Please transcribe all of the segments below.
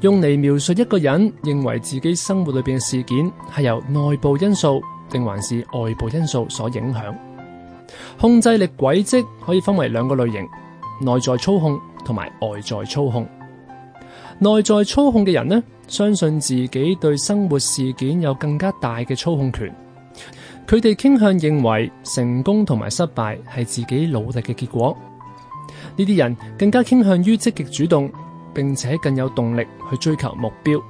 用嚟描述一個人認為自己生活裏邊嘅事件係由內部因素定還是外部因素所影響。控制力軌跡可以分為兩個類型：內在操控同埋外在操控。內在操控嘅人呢，相信自己對生活事件有更加大嘅操控權。佢哋傾向認為成功同埋失敗係自己努力嘅結果。呢啲人更加傾向於積極主動。並且更有動力去追求目標。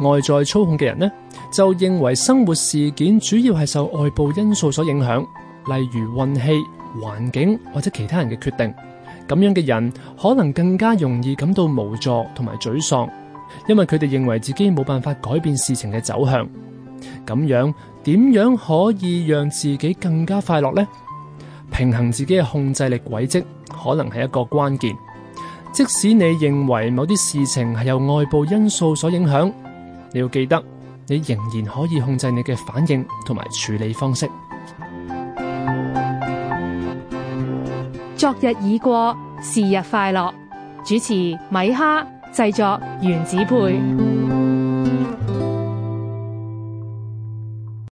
外在操控嘅人呢，就認為生活事件主要係受外部因素所影響，例如運氣、環境或者其他人嘅決定。咁樣嘅人可能更加容易感到無助同埋沮喪，因為佢哋認為自己冇辦法改變事情嘅走向。咁樣點樣可以讓自己更加快樂呢？平衡自己嘅控制力軌跡，可能係一個關鍵。即使你認為某啲事情係由外部因素所影響，你要記得，你仍然可以控制你嘅反應同埋處理方式。昨日已過，是日快樂。主持米哈，製作原子配。